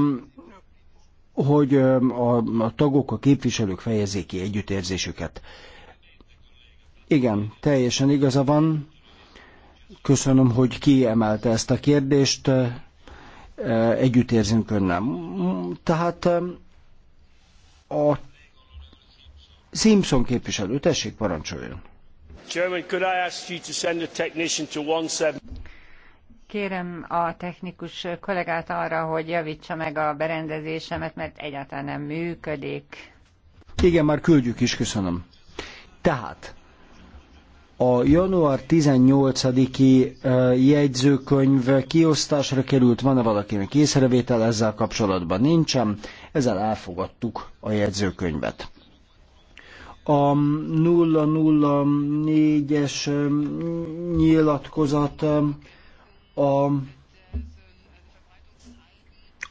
Mm, hogy mm, a, a tagok, a képviselők fejezik ki együttérzésüket. Igen, teljesen igaza van. Köszönöm, hogy kiemelte ezt a kérdést. Eh, együttérzünk önnel. Mm, tehát eh, a Simpson képviselő, tessék parancsoljon. Chairman, could I ask you to send a technician to 17... Kérem a technikus kollégát arra, hogy javítsa meg a berendezésemet, mert egyáltalán nem működik. Igen, már küldjük is, köszönöm. Tehát, a január 18-i jegyzőkönyv kiosztásra került, van-e valakinek észrevétel ezzel kapcsolatban? Nincsen, ezzel elfogadtuk a jegyzőkönyvet. A 004-es nyilatkozat a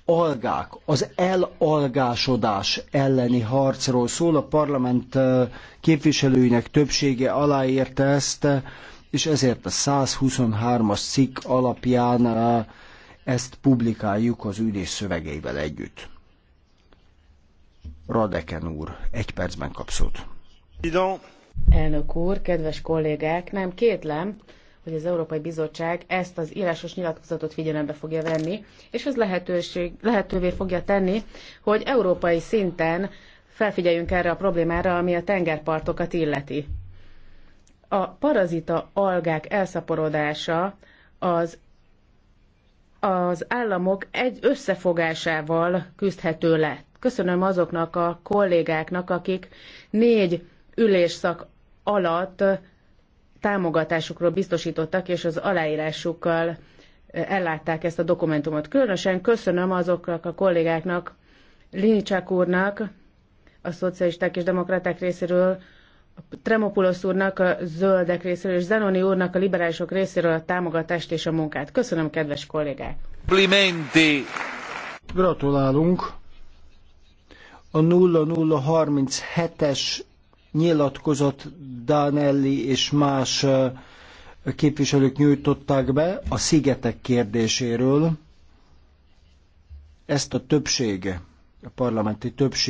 algák, az elalgásodás elleni harcról szól. A parlament képviselőinek többsége aláírta ezt, és ezért a 123-as cikk alapján ezt publikáljuk az ülés szövegeivel együtt. Radeken úr, egy percben kap Elnök úr, kedves kollégák, nem kétlem, hogy az Európai Bizottság ezt az írásos nyilatkozatot figyelembe fogja venni, és ez lehetőség, lehetővé fogja tenni, hogy európai szinten felfigyeljünk erre a problémára, ami a tengerpartokat illeti. A parazita algák elszaporodása az az államok egy összefogásával küzdhető le. Köszönöm azoknak a kollégáknak, akik négy ülésszak alatt támogatásukról biztosítottak, és az aláírásukkal ellátták ezt a dokumentumot. Különösen köszönöm azoknak a kollégáknak, Csák úrnak, a szocialisták és demokraták részéről, Tremopulosz úrnak, a zöldek részéről, és Zenoni úrnak, a liberálisok részéről a támogatást és a munkát. Köszönöm, kedves kollégák! Komplimenti! Gratulálunk! A 0037-es nyilatkozat Danelli és más képviselők nyújtották be a szigetek kérdéséről. Ezt a többség, a parlamenti többség